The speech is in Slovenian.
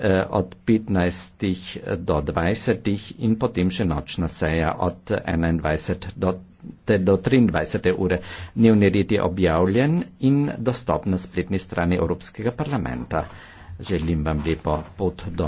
Eh, od 15 do 20 in potem še nočna seja od 21 do, do 23 ure. Dnevni red je objavljen in dostop na spletni strani Evropskega parlamenta. Želim vam lepo pot do